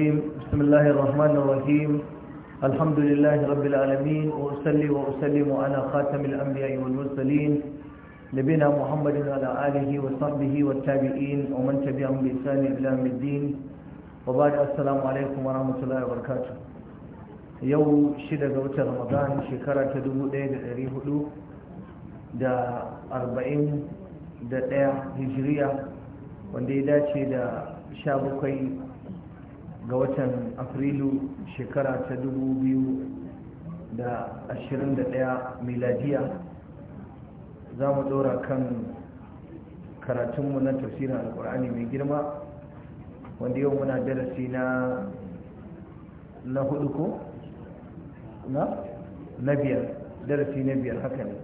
بسم الله الرحمن الرحيم الحمد لله رب العالمين وأسلي وأسلم على خاتم الأنبياء والمرسلين نبينا محمد وعلى آله وصحبه والتابعين ومن تبعهم بإحسان إلى يوم الدين وبعد السلام عليكم ورحمة الله وبركاته يوم شدة جوت رمضان شكرا تدوب ليد الريح دا أربعين دا هجرية وندي داتي دا شابكي ga watan afrilu shekara ta 2021 miladiya za mu dora kan karatunmu na tafsirin alkur'ani mai girma wanda yau muna darasi na na hudu ko? na? na biyar darasi na biyar haka ne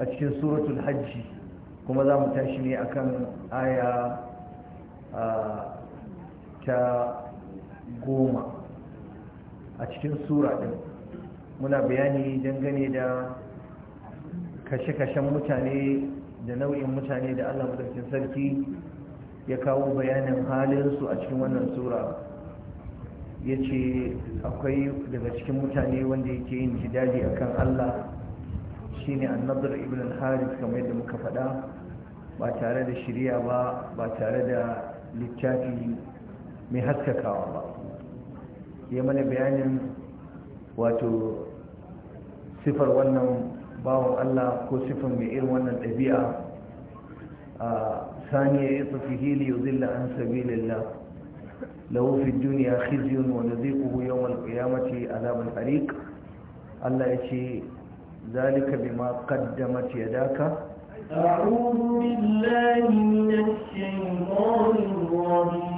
a cikin suratul hajji kuma za mu tashi ne akan aya ah, ta goma a cikin sura ɗin muna bayani dangane da kashe-kashen mutane da nau'in mutane da allah madaukin sarki ya kawo bayanin halinsu a cikin wannan sura ya ce akwai daga cikin mutane wanda yake yin jidali kan allah shine annadar ibn al-haris kamar yadda muka faɗa ba tare da shirya ba ba tare da littafi mai haskakawa ba ya mana bayanin wato sifar wannan bawon Allah ko sifar mai irin wannan ɗabi'a a saniya ya tsafi hili ya zilla an sabi lalla lahu duniya khizyun wa zai yawm al-qiyamati adhab al-hariq Allah yace zalika bima qaddamat yadaka أعوذ بالله من الشيطان الرجيم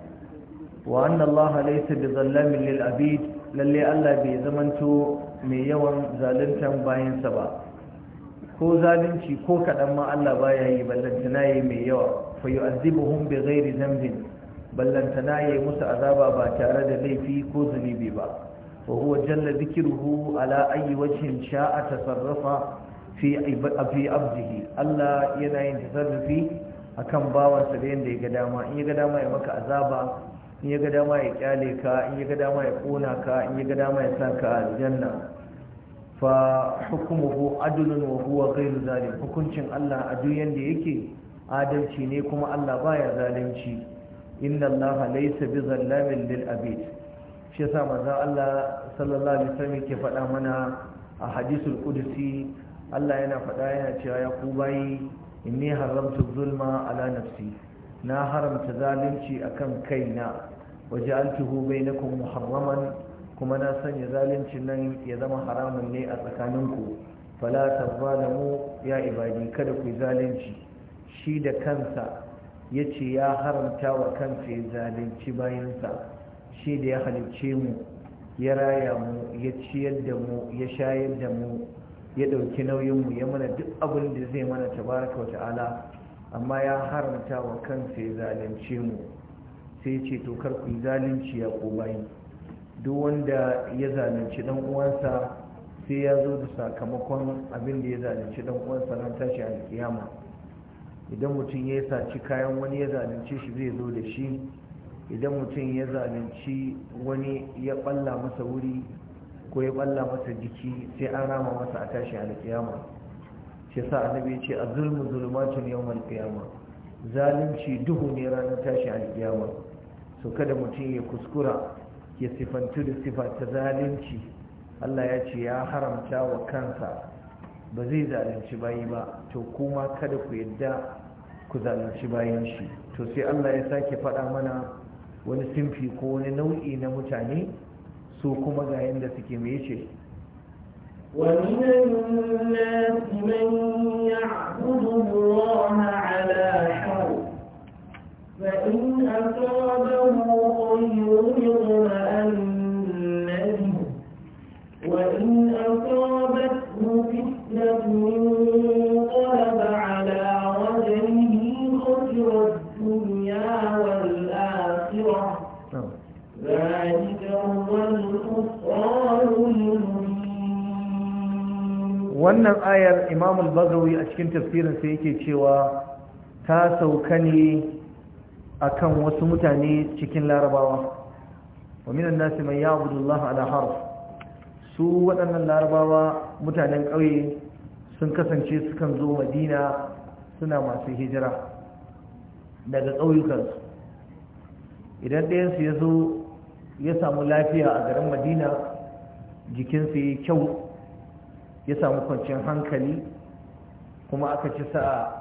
وأن الله ليس بظلام lallai allah bai zamanto mai yawan zaluntan bayansa ba ko zalunci ko kaɗan ma Allah baya yi ballantana yi mai yawa fa yu'adhibuhum bighairi dhanbin ballantana yi musu azaba ba tare da laifi ko zunubi ba wa huwa jalla dhikruhu ala ayi wajhin sha'a ta sarrafa fi abdihi Allah yana yin tasarrufi akan bawansa da yanda ya ga dama in ya ga dama ya maka azaba in ya ga dama ya kyale ka in ya ga dama ya kona ka in ya ga dama ya sa ka aljanna fa hukumuhu adlun wa huwa ghayru zalim hukuncin Allah a duk yanda yake adalci ne kuma Allah baya zalunci inna Allah laysa bizallamin lil abid shi yasa manzon Allah sallallahu alaihi wasallam ke faɗa mana a hadisul qudsi Allah yana faɗa yana cewa ya ku bayi inni haramtu zulma ala nafsi na haramta zalunci akan kaina Waje waja'altuhu bainakum muharraman kuma na sanya zalunci nan ya zama haramun ne a tsakaninku fala mu ya ibadi kada ku zalunci shi da kansa yace ya haramta wa kansa ya zalunci bayansa shi da ya halicce mu ya raya mu ya ciyar da mu ya shayar da mu ya ɗauki nauyinmu ya mana duk abin da zai mana tabaraka Wata'ala. amma ya haramta wa kansa ya zalunce mu sai ce to kar ku zalunci ya ko bayi duk wanda ya zalunci dan uwansa sai ya zo da sakamakon abin da ya zalunci dan uwansa ran tashi alkiyama idan mutum ya saci kayan wani ya zalunce shi zai zo da shi idan mutum ya zalunci wani ya balla masa wuri ko ya balla masa jiki sai an rama masa a tashi alkiyama shi sa annabi ce a zulmu zulmatun yawmal qiyama zalunci duhu ne ranar tashi alkiyama so kada mutum ya kuskura ya sifantu da sifa ta zalunci Allah ya ce ya haramta wa kansa ba zai zalunci bayi ba to kuma kada ku yadda ku zalunci bayan shi to sai Allah ya sake faɗa mana wani simfi ko wani nau'i na mutane su kuma ga yadda suke mai ce ومن الناس من يعبد الله على حرف wannan ayar imamul bazawi a cikin tafsirinsa yake cewa ta sauka ne akan wasu mutane cikin larabawa wa minan nasi man ya'budu Allah ala harf su waɗannan larabawa mutanen ƙauye sun kasance sukan zo Madina suna masu hijira daga ƙauyukansu idan ɗayansu ya zo ya samu lafiya a garin Madina jikinsu ya kyau ya samu kwanciyar hankali kuma aka ci sa'a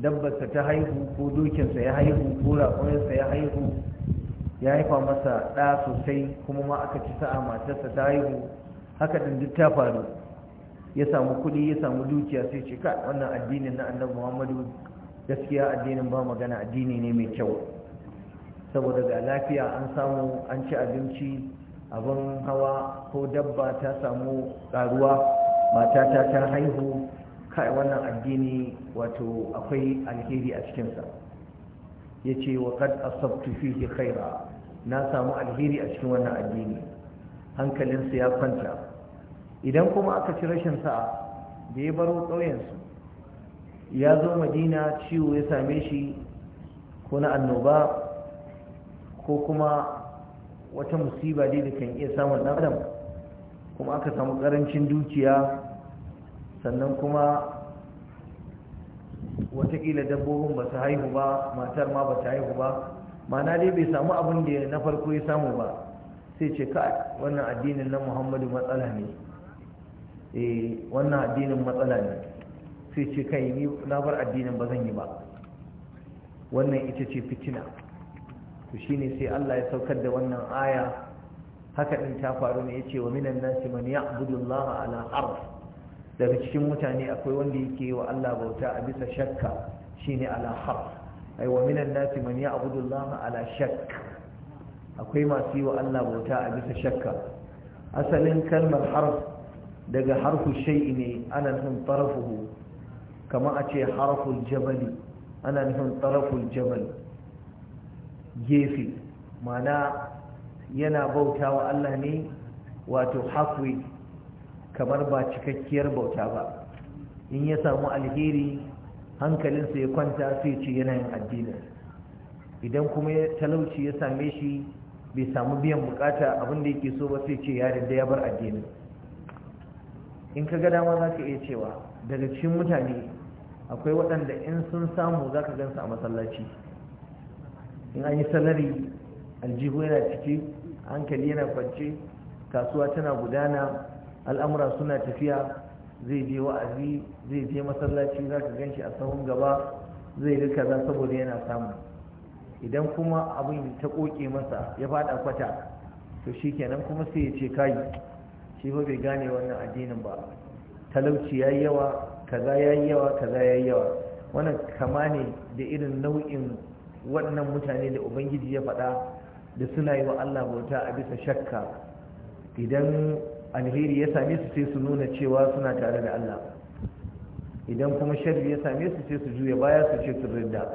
dabbarsa ta haihu ko dokinsa ya haihu ko raƙonsa ya haihu ya haifa masa ɗa sosai kuma ma aka ci sa'a matarsa ta haihu haka ɗin duk ta faru ya samu kuɗi ya samu dukiya sai ce ka wannan addinin na annabi muhammadu gaskiya addinin ba magana addini ne mai kyau saboda ga lafiya an samu an ci abinci abin hawa ko dabba ta samu ƙaruwa matata ta haihu kai wannan addini wato akwai alheri a cikinsa ya ce wa kad asabtu fihi khaira na samu alheri a cikin wannan addini hankalinsa ya kwanta idan kuma aka ci rashin sa'a da ya baro ƙauyensu ya zo madina ciwo ya same shi ko na annoba ko kuma wata musiba dai da kan iya samun ɗan adam kuma aka samu ƙarancin dukiya sannan kuma watakila dabbobin ba su haihu ba matar ma ba ta haihu ba mana dai bai samu abin da na farko ya samu ba sai ce ka wannan addinin na muhammadu matsala ne eh wannan addinin matsala ne sai ce kai ni na bar addinin ba zan yi ba wannan ita ce fitina to shine sai Allah ya saukar da wannan aya haka din ta faru ne yace wa minan nasi man ya'budu Allah ala harf daga cikin mutane akwai wanda yake wa Allah bauta a bisa shakka shine ala haq ai wa minan nasi man ya'budu Allah ala shakk akwai masu yi wa Allah bauta a bisa shakka asalin kalmar harf daga harfu shay'i ne ana nufin tarafuhu kamar a ce harful jabali ana nufin taraful jabali gefe mana yana bauta wa Allah ne wato halfway kamar ba cikakkiyar bauta ba in ya samu alheri hankalinsa ya kwanta sai ce yana yin addinin idan kuma talauci ya same shi bai samu biyan bukata abinda yake so ba sai ce yarin da ya bar addinin in ka ga dama za ka iya cewa daga cikin mutane akwai waɗanda in sun samu za ka gansu a masallaci in an yi salari aljihu yana ciki hankali yana kwance kasuwa tana gudana al'amura suna tafiya zai je wa'azi zai je masallaci za ka gan shi a sahun gaba zai rika za saboda yana samu idan kuma abin ta koke masa ya fada kwata to shi kenan kuma sai ya ce kai shi fa bai gane wannan addinin ba talauci ya yi yawa kaza ya yi yawa kaza ya yi yawa wannan kama ne da irin nau'in waɗannan mutane da ubangiji ya faɗa da suna yi wa Allah bauta a bisa shakka idan alheri ya same su sai su nuna cewa suna tare da Allah idan kuma sharri ya same su sai su juya baya su ce su rinda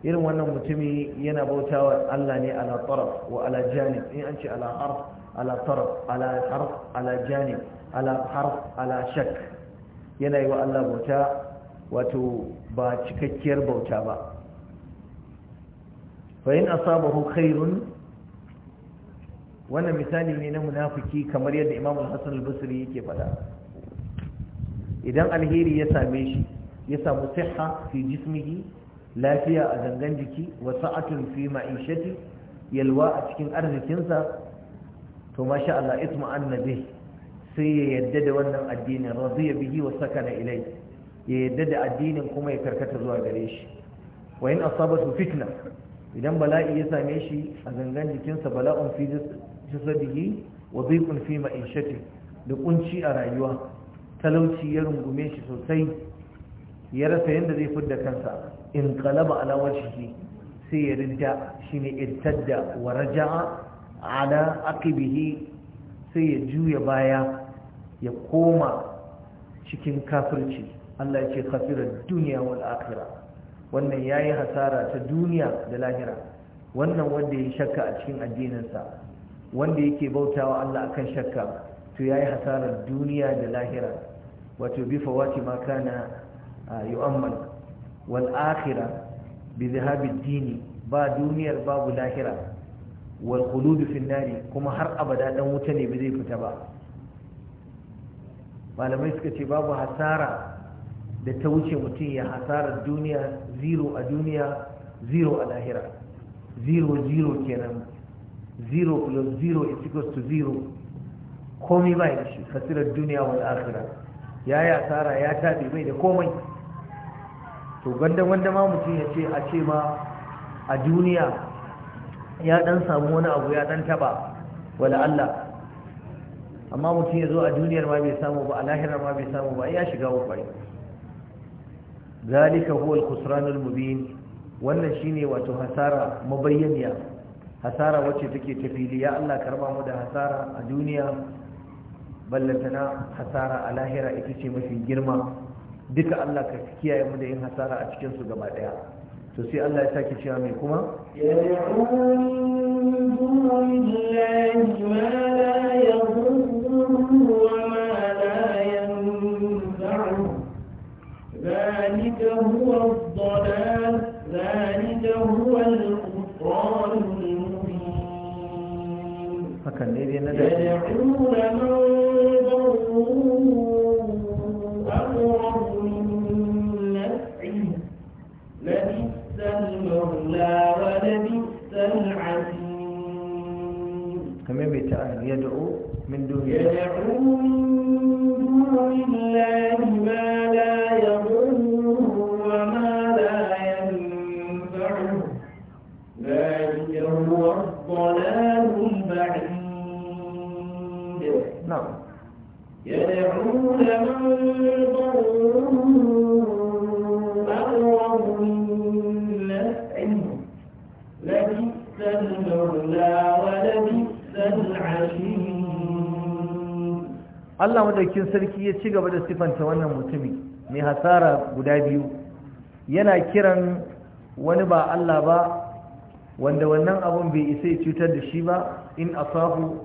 irin wannan mutumi yana bautawa Allah ne ala taraf wa ala janib in an ce ala harf ala taraf ala harf ala janib ala harf ala shak yana yi wa Allah bauta wato ba cikakkiyar bauta ba fa in asabahu khairun wannan misali ne na munafiki kamar yadda Imam Hassan al-Basri yake faɗa idan alheri ya same shi ya samu sihha fi jismihi lafiya a gangan jiki wa sa'atun fi ma'ishati yalwa a cikin arzikinsa to masha Allah isma annabi sai ya yadda da wannan addinin radiya bihi wa sakana ilai ya yadda da addinin kuma ya karkata zuwa gare shi wa in asabatu fitna idan bala'i ya same shi a gangan jikinsa bala'un fi jasadihi wa dhiqun fi ma'ishati da kunci a rayuwa talauci ya rungume shi sosai ya rasa yadda zai fidda kansa in qalaba ala wajhihi sai ya rinda shine irtadda wa raja'a ala aqibihi sai ya juya baya ya koma cikin kafirci Allah ya ce duniya wal akhirah wannan yayi hasara ta duniya da lahira wannan wanda ya shakka a cikin addininsa wanda yake bautawa Allah akan shakka to yayi hasarar duniya da lahira wato bi fawati ma kana yu'ammal wal akhirah bi dhahabi dini ba duniyar babu lahira wal khulud fi nari kuma har abada dan wuta ne ba zai fita ba malamai suka ce babu hasara da ta wuce mutum ya hasarar duniya zero a duniya zero a lahira zero zero kenan Zero plus zero is equals to zero. komai bai da shi fasirar duniya wal akhirah ya yi asara ya tabe bai da komai to gandan wanda ma mutum ya ce a ce ma a duniya ya dan samu wani abu ya dan taba wala Allah amma mutum ya zo a duniyar ma bai samu ba a lahirar ma bai samu ba ya shiga ukwai ذلك هو الخسران المبين ولا mubin wannan shine wato hasara hasara wacce take tafili ya Allah karba mu da hasara a duniya ballantana hasara a lahira ita ce mafi girma duka Allah ka kiyaye mu da yin hasara a cikin su gaba daya to sai Allah ya saki cewa mai kuma ذلك هو الضلال ذلك هو الخسران hakan ne dai na dace kamar ta yadda o min duniya maɗaukin sarki ya ci gaba da sifanta wannan mutumi mai hasara guda biyu yana kiran wani ba Allah ba wanda wannan abun bai isa ya cutar da shi ba in asahu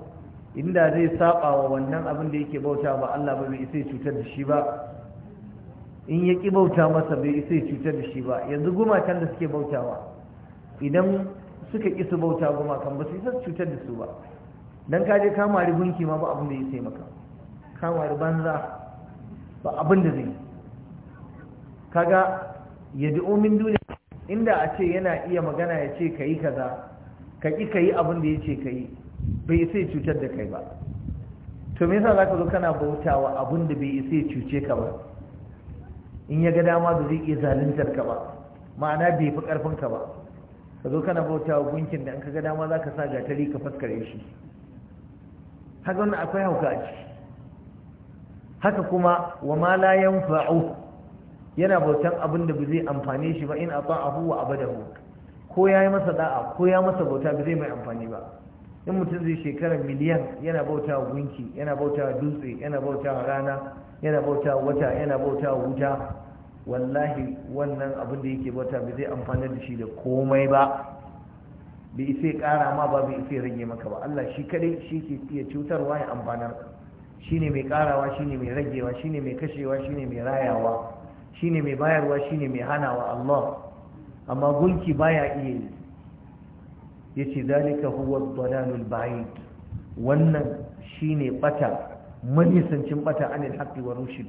inda zai saba wa wannan abin da yake bauta ba Allah ba bai isa ya cutar da shi ba in ya ki bauta masa bai isa ya cutar da shi ba yanzu gumakan da suke bautawa idan suka ki su bauta gumakan ba su isa cutar da su ba don kaje kama rigunki ma ba abin da ya maka Kawai banza ba abin da zai kaga ya du'o min duniya inda a ce yana iya magana ya ce ka yi kaza ka ƙi ka yi abin da ya ce ka yi bai sai cutar da kai ba to me yasa zaka zo kana bautawa abin da bai sai cuce ka ba in ya ga dama da zai iya zaluntar ka ba ma'ana bai fi karfin ka ba ka zo kana bautawa gunkin da an ka ga dama zaka sa gatari ka faskare shi haka wani akwai hauka a ciki haka kuma wa ma la yanfa'u yana bautan abin da ba zai amfane shi ba in ata'ahu wa abadahu ko ya yi masa da'a ko ya masa bauta ba zai mai amfani ba in mutum zai shekarar miliyan yana bauta gunki yana bauta dutse yana bauta rana yana bauta wata yana bauta wuta wallahi wannan abin da yake bauta ba zai amfani da shi da komai ba bai sai kara ma ba bai ya rage maka ba Allah shi kadai shi ke iya cutarwa ya amfanar shine mai karawa shine mai ragewa shine mai kashewa shine mai rayawa shine mai bayarwa shine mai hanawa Allah amma gunki baya iya yi yace zalika huwa ad-dalalul ba'id wannan shine bata manisancin bata anil haqqi wa rushd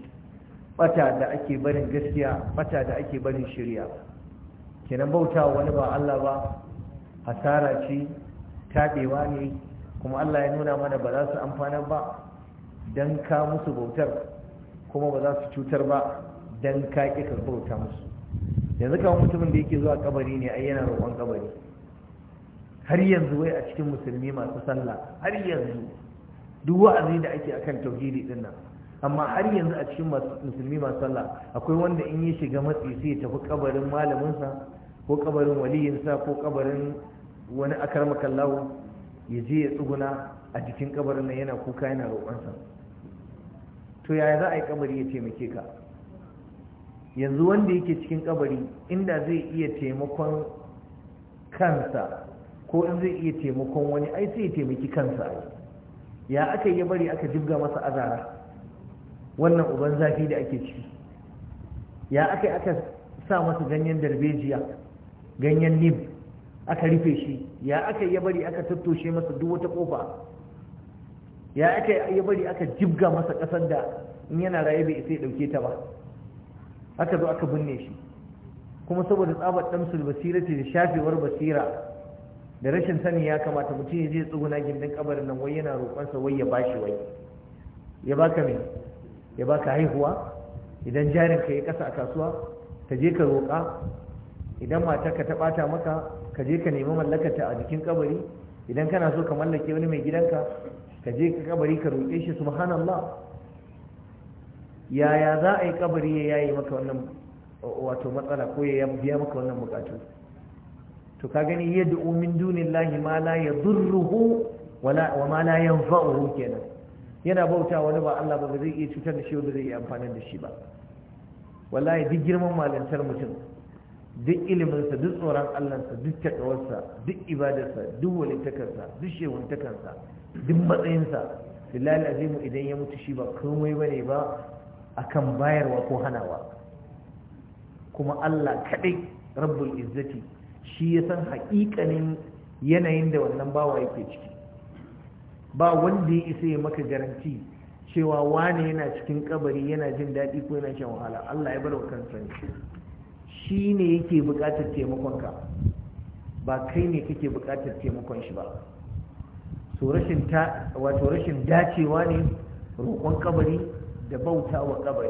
bata da ake barin gaskiya bata da ake barin shari'a kenan bauta wani ba Allah ba hasara ce tabewa ne kuma Allah ya nuna mana ba za su amfana ba dan ka musu bautar kuma ba za su cutar ba dan ka ƙi ka bauta musu yanzu kawai mutumin da yake zuwa kabari ne ai yana roƙon kabari har yanzu wai a cikin musulmi masu sallah har yanzu duk wa'azi da ake akan tauhidi din nan amma har yanzu a cikin musulmi masu sallah akwai wanda in ya shiga matsi sai ya tafi kabarin malaminsa ko kabarin waliyinsa ko kabarin wani akarmakallahu ya je ya tsuguna a cikin kabarin nan yana kuka yana roƙonsa to yaya za a yi kabari ya taimake ka yanzu wanda yake cikin kabari inda zai iya taimakon kansa ko in zai iya taimakon wani ai sai ya taimaki kansa ya aka yi bari aka jibga masa azara wannan uban zafi da ake ciki ya aka aka sa masa ganyen darbejiya ganyen nib aka rufe shi ya aka yi bari aka tattoshe masa duk wata kofa ya aka ya bari aka jibga masa kasar da in yana raye bai isa ya ɗauke ta ba aka zo aka binne shi kuma saboda tsabar ɗamsul basira ce da shafewar basira da rashin sani ya kamata mutum ya je tsuguna gindin kabarin nan wai yana roƙonsa wai ya bashi wai ya baka me ya baka haihuwa idan jarin ka yi kasa a kasuwa ka je ka roƙa idan mata ta ɓata maka ka je ka nemi mallakata a jikin kabari idan kana so ka mallake wani mai gidanka ka je ka kabari ka roƙe shi subhanallah yaya za a yi kabari ya yi maka wannan wato matsala ko ya biya maka wannan bukatu to ka gani yadda umin dunillahi ma la ya wala wa ma la yanfa'uhu kenan yana bauta wani ba Allah ba zai iya cutar da shi ba zai iya amfani da shi ba wallahi duk girman malantar mutum duk iliminsa duk tsoron allansa duk taƙawarsa duk ibadarsa duk walittakarsa duk shewuntakarsa duk matsayinsa filal azimu idan ya mutu shi ba komai ba ne ba akan bayarwa ko hanawa kuma allah kaɗai rabbul izzati shi ya san haƙiƙanin yanayin da wannan bawa yake ciki ba wanda ya isa ya maka garanti cewa wane yana cikin kabari yana jin daɗi ko yana shan wahala allah ya bar wa kansa ne shi ne yake buƙatar taimakonka ba kai ne kake buƙatar taimakon shi ba so rashin ta wato rashin dacewa ne roƙon kabari da bautawa kabari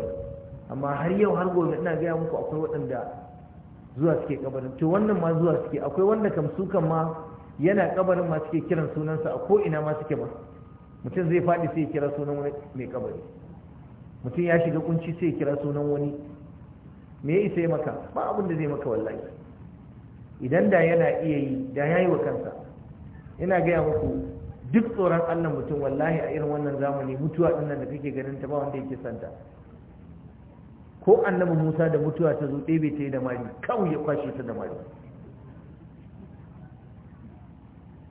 amma har yau har gobe ina gaya muku akwai waɗanda zuwa suke kabarin to wannan ma zuwa suke akwai wanda kam su kan ma yana kabarin ma suke kiran sunansa a ko ina ma suke ba mutum zai faɗi sai ya kira sunan wani mai kabari mutum ya shiga kunci sai ya kira sunan wani me ya isa maka ba abin da zai maka wallahi idan da yana iya yi da ya yi wa kansa ina gaya muku duk tsoron allah mutum wallahi a irin wannan zamani mutuwa ɗin da kake ganin ta ba wanda yake santa ko annabi musa da mutuwa ta zo ɗebe ta yi da mari kawai ya kwashe ta da mari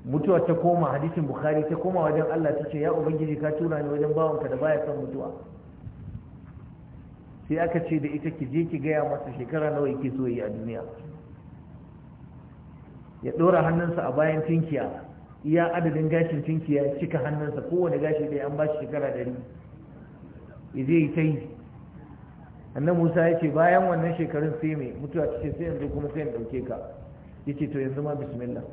mutuwa ta koma hadisin bukhari ta koma wajen allah ta ce ya ubangiji ka tura ni wajen bawanka da baya son mutuwa sai aka ce da ita ki je ki gaya masa shekara nawa yake so yi a duniya ya ɗora hannunsa a bayan tinkiya iya adadin gashin tinkiya ya cika hannunsa kowane gashi ɗaya an ba shi shekara ɗari ya zai yi ta yi annan musa ya ce bayan wannan shekarun sai mai mutuwa ta ce sai yanzu kuma sai in ɗauke ka ya ce to yanzu ma bismillah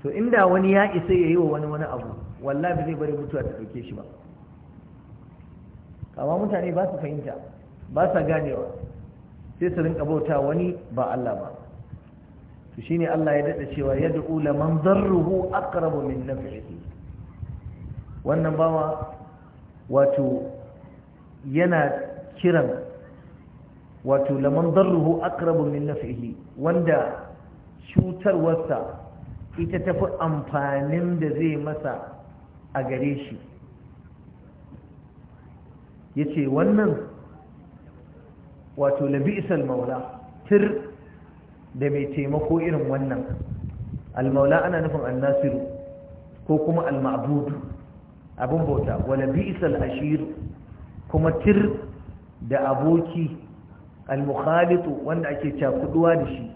to inda wani ya isa ya yi wa wani wani abu wallahi ba zai bari mutuwa ta ɗauke shi ba amma mutane ba su fahimta ba sa ganewa sai su rinka bauta wani ba Allah ba to shine Allah ya daɗa cewa yad'u laman darruhu aqrabu min naf'ihi wannan bawa wato yana kiran wato ruhu darruhu aqrabu min naf'ihi wanda cutarwarsa ita tafi amfanin da zai masa a gare shi ya ce wannan wato Labisal maula tir da mai taimako irin wannan almaula ana nufin annasiru ko kuma alma'budu abin bauta wala bi'sal ashir kuma tir da aboki almukhalitu wanda ake cakuduwa da shi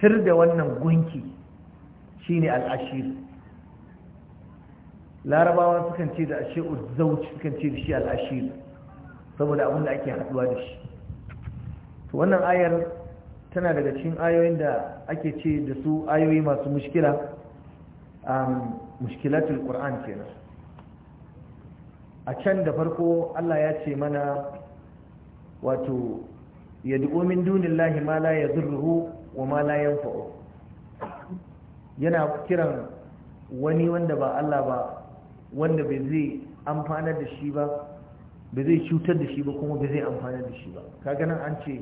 tir da wannan gunki shine al-ashir larabawa sukan ce da ashe uzzauj sukan ce da shi al'ashir saboda abin da ake haɗuwa da shi to wannan ayar tana daga cikin ayoyin da ake ce da su ayoyi masu mushkila um, mushkilatul qur'an kenan a can da farko Allah ya ce mana wato yad'u min dunillahi ma la yadurruhu wa ma la yana kiran wani wanda ba Allah ba wanda bai zai amfanar da shi ba bai zai cutar da shi ba kuma bai zai amfanar da shi ba kaga nan an ce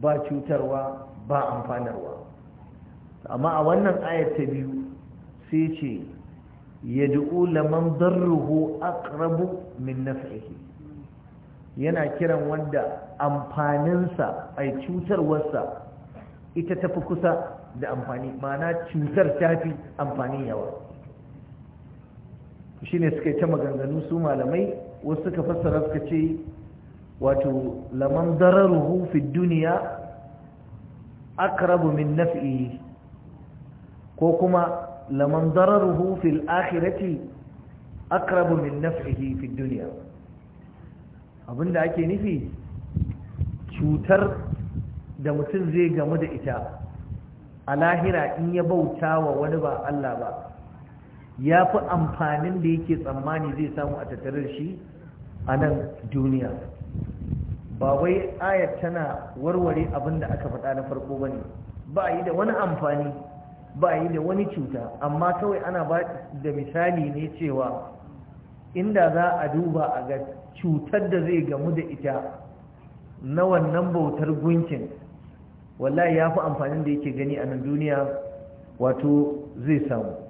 ba cutarwa ba amfanarwa amma a wannan ayar ta biyu sai ce ya du'u laman zarruhu aqrabu min naf'ihi yana kiran wanda amfaninsa ai cutarwarsa ita tafi kusa da amfani ma'ana cutar tafi amfani yawa shine suka yi ta maganganu su malamai wasu suka fassara suka ce wato laman dararuhu fi duniya akrabu min naf'i ko kuma laman dararuhu fil akhirati akrabu min naf'ihi fi duniya abinda ake nufi cutar da mutum zai gamu da ita a lahira in ya bauta wa wani ba Allah ba ya fi amfanin da yake tsammani zai samu a tattarar shi a nan duniya ba wai ayat tana warware abin da aka faɗa na farko ba ne ba yi da wani amfani ba yi da wani cuta amma kawai ana ba da misali ne cewa inda za a duba a ga cutar da zai gamu da ita na wannan bautar gunkin wallahi ya fi amfanin da yake gani a nan duniya wato zai samu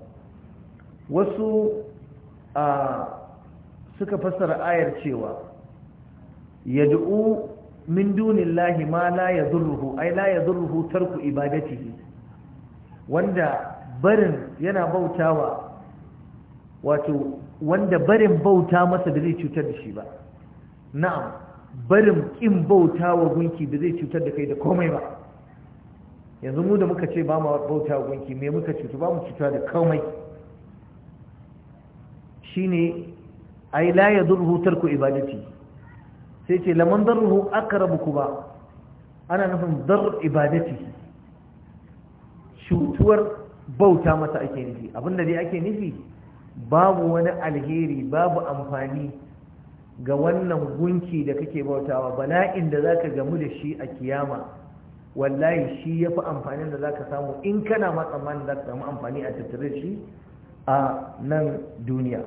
wasu suka fassara ayar cewa yad'u min dunillahi ma la yadurruhu ay la yadurruhu tarku ibadatihi wanda barin yana bautawa wato wanda barin bauta masa da zai cutar da shi ba na'am barin kin bautawa gunki da zai cutar da kai da komai ba yanzu mu da muka ce ba mu bautawa gunki me muka cutu ba mu cuta da komai shine ai la yadurhu tarku ibadati sai ce laman darruhu aqrabuku ba ana nufin dar ibadati shutuwar bauta masa ake nufi abinda dai ake nufi babu wani alheri babu amfani ga wannan gunki da kake bautawa bala'in da zaka gamu da shi a kiyama wallahi shi yafi amfani da zaka samu in kana ma tsammanin zaka samu amfani a tattare shi a nan duniya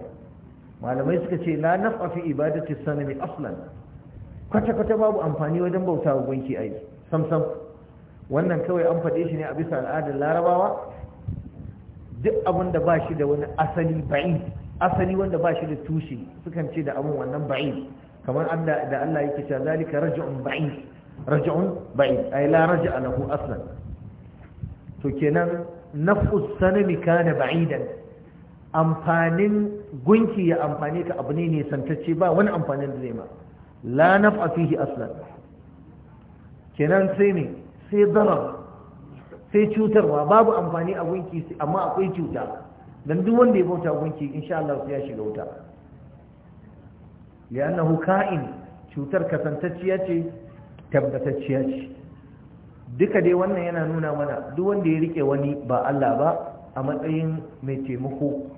malamai suka ce la naf'a fi ibadati sanami aslan kwata kwata babu amfani wajen bauta wa gunki ai sam sam wannan kawai an faɗe shi ne a bisa al'adar larabawa duk abin da ba shi da wani asali ba'i asali wanda ba shi da tushe sukan ce da abin wannan ba'i kamar da Allah yake cewa zalika raj'un ba'i raj'un ba'i ay la raj'a lahu aslan to kenan nafus sanami kana ba'idan amfanin gunki ya amfane ka abu ne ne santacce ba wani amfanin da zai ma la naf'a fihi aslan kenan sai ne sai zarar sai cutarwa babu amfani a gunki amma akwai cuta dan duk wanda ya bauta gunki insha Allah sai ya shiga wuta li'annahu ka'in cutar kasantacciya ce tabbatacciya ce duka dai wannan yana nuna mana duk wanda ya rike wani ba Allah ba a matsayin mai taimako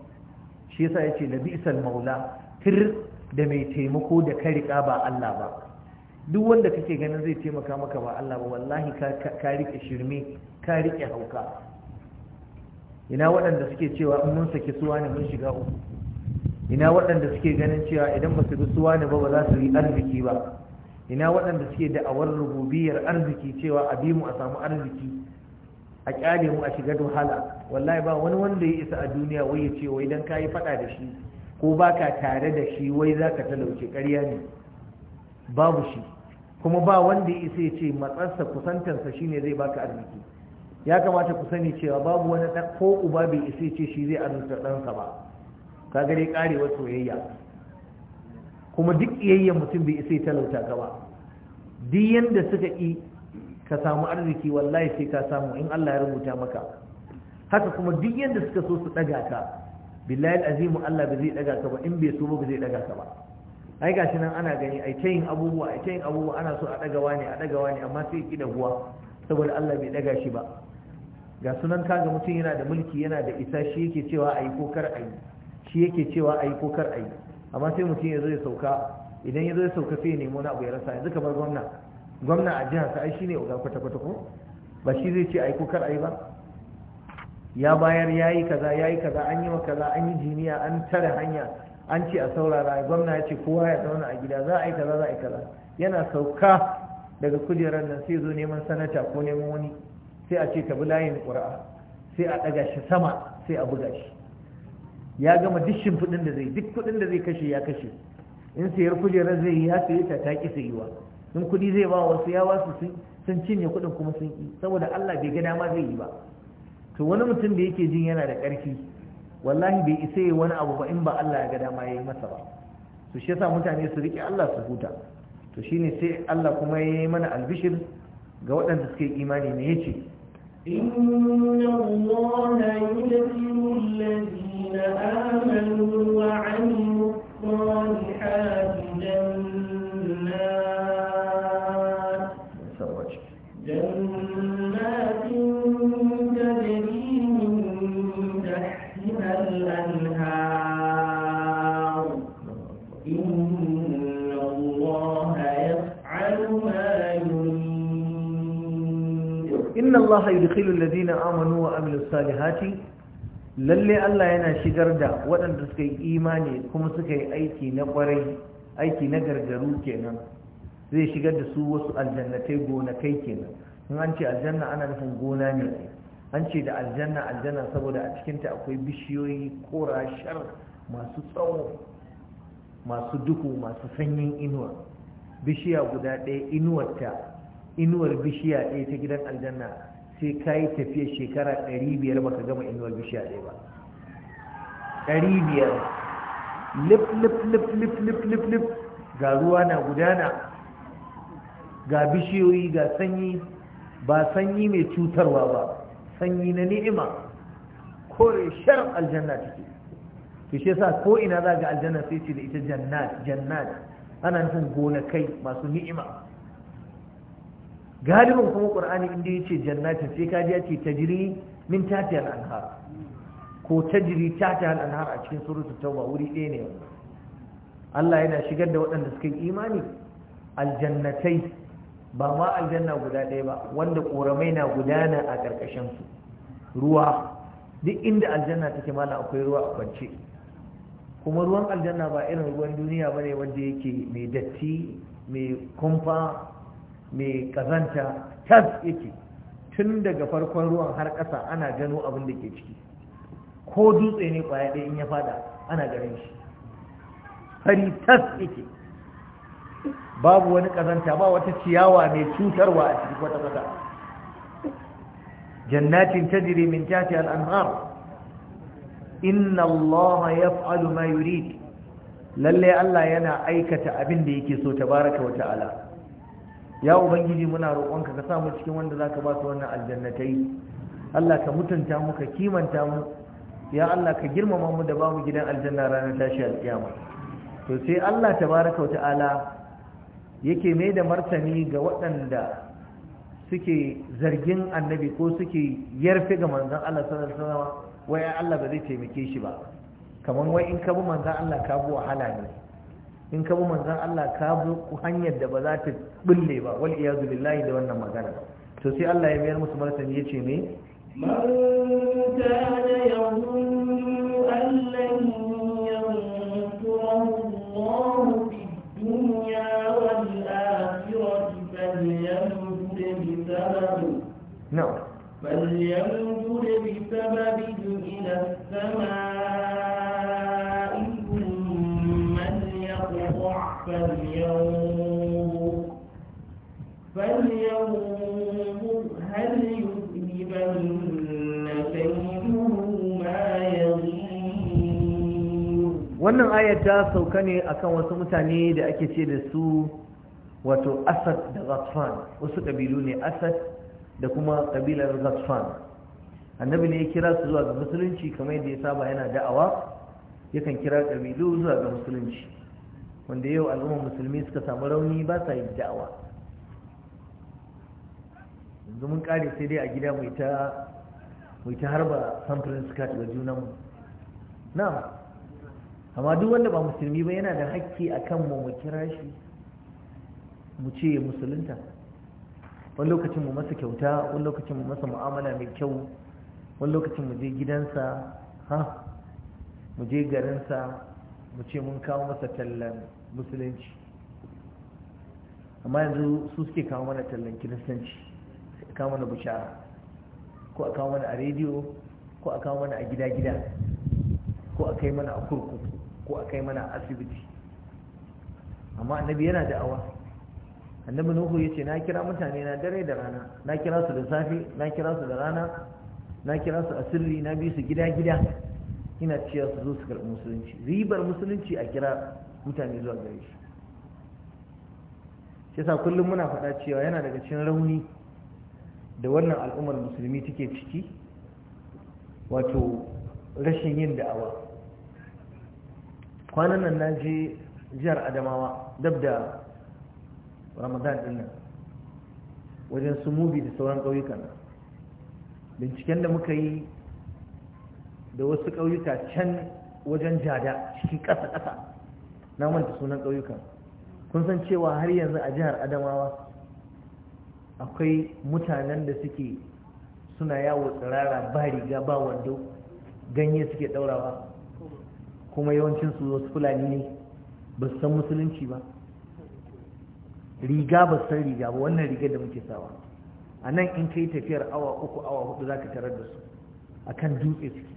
shi yasa yace da bi'sal maula tir da mai taimako da ka riƙa ba Allah ba duk wanda kake ganin zai taimaka maka ba Allah ba wallahi ka riƙe shirme ka riƙe hauka ina waɗanda suke cewa in mun saki suwa ne mun shiga uku ina waɗanda suke ganin cewa idan ba su bi suwa ne ba ba za su yi arziki ba ina waɗanda suke da'awar rububiyar arziki cewa a bi mu a samu arziki a kyale mu a shiga wahala wallahi ba wani wanda ya isa a duniya wai ya ce wai dan kayi fada da shi ko baka tare da shi wai zaka talauce ƙarya ne babu shi kuma ba wanda ya isa ya ce matsarsa kusantarsa shine zai baka arziki ya kamata ku sani cewa babu wani ɗan ko uba bai isa ya ce shi zai arzuta ɗansa ba ka gare karewar soyayya kuma duk iyayya mutum bai isa ya talauta ka ba duk yanda suka ƙi ka samu arziki wallahi sai ka samu in Allah ya rubuta maka haka kuma duk yadda suka so su ɗaga ka billahi azimu Allah ba zai ɗaga ka ba in bai so ba zai ɗaga ka ba ai gashi nan ana gani ai ta yin abubuwa ai ta yin abubuwa ana so a ɗaga wani a ɗaga wani amma sai ki dahuwa saboda Allah bai ɗaga shi ba ga sunan kaga mutum yana da mulki yana da isa shi yake cewa ayi ko kar ayi shi yake cewa ayi ko kar ayi amma sai mutum ya zo ya sauka idan ya zo ya sauka sai ya nemo na abu ya rasa yanzu kamar gwamna gwamna a jihar sa ai shine uga kwata kwata ko ba shi zai ce ayi ko kar ayi ba ya bayar ya yi kaza ya yi kaza an yi wa kaza an yi jiniya an tare hanya an ce a saurara gwamna ya ce kowa ya zauna a gida za a yi kaza za a yi kaza yana sauka daga kujerar nan sai zo neman sanata ko neman wani sai a ce tabi layin ƙura'a sai a ɗaga shi sama sai a buga shi ya gama duk shimfiɗin da zai duk kuɗin da zai kashe ya kashe in sayar kujerar zai yi ya sayi ta ta ƙi sayuwa in kuɗi zai ba wasu ya wasu sun cinye kuɗin kuma sun ƙi saboda allah bai ga dama zai yi ba to wani mutum da yake jin yana da ƙarfi wallahi bai isa yi wani abu ba in ba Allah ya ga dama ya yi masa ba to shi yasa mutane su rike Allah su huta to shine sai Allah kuma ya yi mana albishir ga waɗanda suke imani ne yace inna salihati lalle Allah yana shigar da waɗanda suka yi imani kuma suka yi aiki na ƙwarai aiki na gargaru kenan zai shigar da su wasu aljannatai gonakai kenan in an ce aljanna ana nufin gona ne an ce da aljanna aljanna saboda a cikinta akwai bishiyoyi korashar masu tsawo masu duhu masu sanyin inuwa bishiya guda ɗaya inuwarta inuwar bishiya ɗaya ta gidan aljanna sai ka yi tafiya shekara 500 ka gama inuwar bishiya ɗaya ba 500 lif lif lif lif lif lif lif ga ruwa na gudana ga bishiyoyi ga sanyi ba sanyi mai cutarwa ba sanyi na ni'ima kore shar aljanna take to shi yasa ko ina za ga aljanna sai ce da ita jannat jannat ana nufin gonakai masu ni'ima galibin kuma qur'ani inda yace jannatin sai ka ce ce tajri min tatiyal anhar ko tajri tatiyal anhar a cikin suratul tauba wuri ɗaya ne Allah yana shigar da waɗanda suka yi imani aljannatai ba ma aljanna guda ɗaya ba wanda ƙoramai na gudana a karkashin su ruwa duk inda aljanna take mala akwai ruwa a kwance kuma ruwan aljanna ba irin ruwan duniya bane wanda yake mai datti mai kumfa mai kazanta tas yake tun daga farkon ruwan har ƙasa ana gano abin da ke ciki ko dutse ne kwaya ɗaya in ya fada ana ganin shi fari tas yake babu wani kazanta ba wata ciyawa mai cutarwa a cikin wata kwata jannatin tajiri min tati al'anhar inna Allah yaf'alu ma yurid lalle Allah yana aikata abin da yake so tabaraka wa ta'ala ya ubangiji muna roƙonka ka sa mu cikin wanda za ka ba su wannan aljannatai Allah ka mutunta mu ka kimanta mu ya Allah ka girmama mu da ba mu gidan aljanna ranar tashi alƙiyama to sai Allah tabaraka wa ta'ala yake mai da martani ga waɗanda suke zargin annabi ko suke yarfe ga manzon Allah sallallahu alaihi wasallam wai Allah ba zai taimake shi ba kamar wai in ka bi manzon Allah ka bi wahala ne in ka bi manzon Allah ka bi hanyar da ba za ta bulle ba wal iyazu billahi da wannan magana to sai Allah ya mayar musu martani yace me man kana yawmun allan yanfuru Allah fi dunya wal akhirati falyamdud bi sabab na'am falyamdud bi sabab ila as-samaa wannan ayar ta sauka ne akan wasu mutane da ake ce da su wato asad da zafan wasu kabilu ne asad da kuma kabilar zafan annabi ne ya kira su zuwa ga musulunci kamar yadda ya saba yana da'awa yakan kira kabilu zuwa ga musulunci wanda yau al'ummar musulmi suka samu rauni ba sa yin da'awa yanzu mun kare sai dai a gida mai ta mai ta harba samfurin skirt ga junanmu na'am amma duk wanda ba musulmi ba yana da hakki a kan mu mu kira shi mu ce musulunta wani lokacin mu masa kyauta wani lokacin mu masa mu'amala mai kyau wani lokacin mu je gidansa ha mu je garinsa mu ce mun kawo masa tallan musulunci amma yanzu su suke kawo mana tallan kiristanci kawo mana bishara ko a kawo mana a rediyo ko a kawo mana a gida-gida ko a kai mana a kurkuku ko a kai mana a asibiti amma annabi yana da'awa annabi nuhu ya ce na kira mutane na dare da rana na kira su da safe na kira su da rana na kira su a sirri na bi su gida-gida ina cewa su zo su karɓi musulunci ribar musulunci a kira mutane zuwa gare shi shi sa kullum muna faɗa cewa yana daga cikin rauni da wannan al'ummar musulmi take ciki wato rashin yin da'awa kwanan nan na je jihar adamawa dab da ramadan din nan wajen su mubi da sauran ƙauyukan binciken da muka yi da wasu ƙauyuka can wajen jada cikin ƙasa-ƙasa na manta sunan ƙauyukan kun san cewa har yanzu a jihar adamawa akwai mutanen da suke suna yawo tsirara ba riga ba wando ganye suke daurawa kuma yawancin su wasu fulani ne ba san musulunci ba riga ba san riga ba wannan riga da muke sawa a nan in kai tafiyar awa uku awa hudu za ka tarar da su a kan dutse suke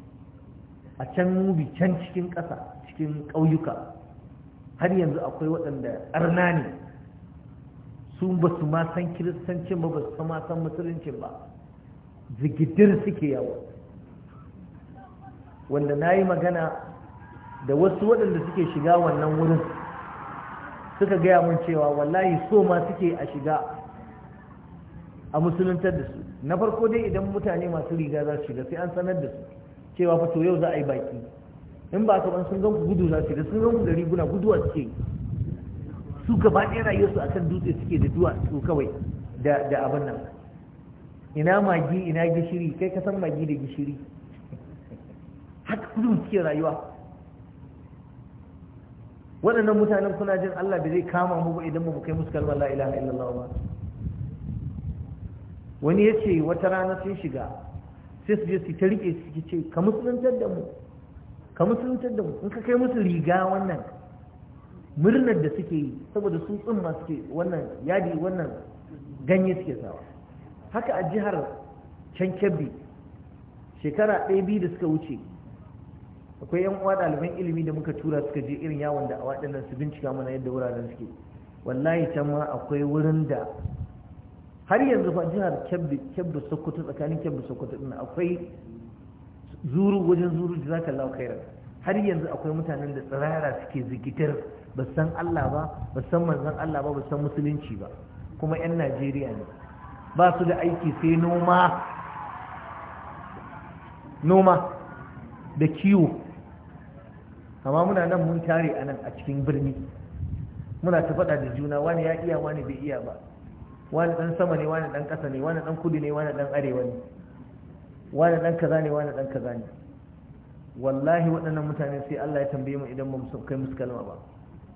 a can mubi can cikin ƙasa cikin ƙauyuka har yanzu akwai waɗanda arna ne su ba su ma san kiristancin ba ba su ma san musuluncin ba zigidir suke yawa. wanda na yi magana da wasu waɗanda suke shiga wannan wurin suka gaya mun cewa wallahi so ma suke a shiga a musuluntar da su na farko dai idan mutane masu riga za su shiga sai an sanar da su cewa fito yau za a yi baki in ba ka ban sun gan ku gudu za su shiga sun gan ku guna riguna guduwa suke su gaba ɗaya rayuwarsu akan dutse suke da duwatsu kawai da abin nan ina magi ina gishiri kai ka san magi da gishiri haka kudin suke rayuwa waɗannan mutanen kuna jin Allah bai zai kama mu ba idan mu kai musu kalmar la ilaha illallah ba wani ya ce wata rana sun shiga sai su je su ta rike su ce ka musuluntar da mu ka musuluntar da mu in ka kai musu riga wannan murnar da suke yi saboda su tsumma suke wannan yadi wannan ganye suke sawa haka a jihar can kebbi shekara ɗaya biyu da suka wuce akwai yan uwa ɗaliban ilimi da muka tura suka je irin yawon da awa ɗin su bincika mana yadda wuraren suke wallahi can ma akwai wurin da har yanzu fa jihar kebbi sokoto tsakanin kebbi sokoto ɗin akwai zuru wajen zuru da zaka lau har yanzu akwai mutanen da tsirara suke zikitar ba san Allah ba ba san manzon Allah ba ba san musulunci ba kuma 'yan Najeriya ne ba su da aiki sai noma noma da kiwo amma muna nan mun tare a nan a cikin birni muna ta faɗa da juna wani ya iya wani bai iya ba wani ɗan sama ne wani ɗan ƙasa ne wani ɗan kudu ne wani ɗan arewa ne wani ɗan kaza ne wani ɗan kaza ne wallahi waɗannan mutane sai Allah ya tambaye mu idan ba mu kai musu kalma ba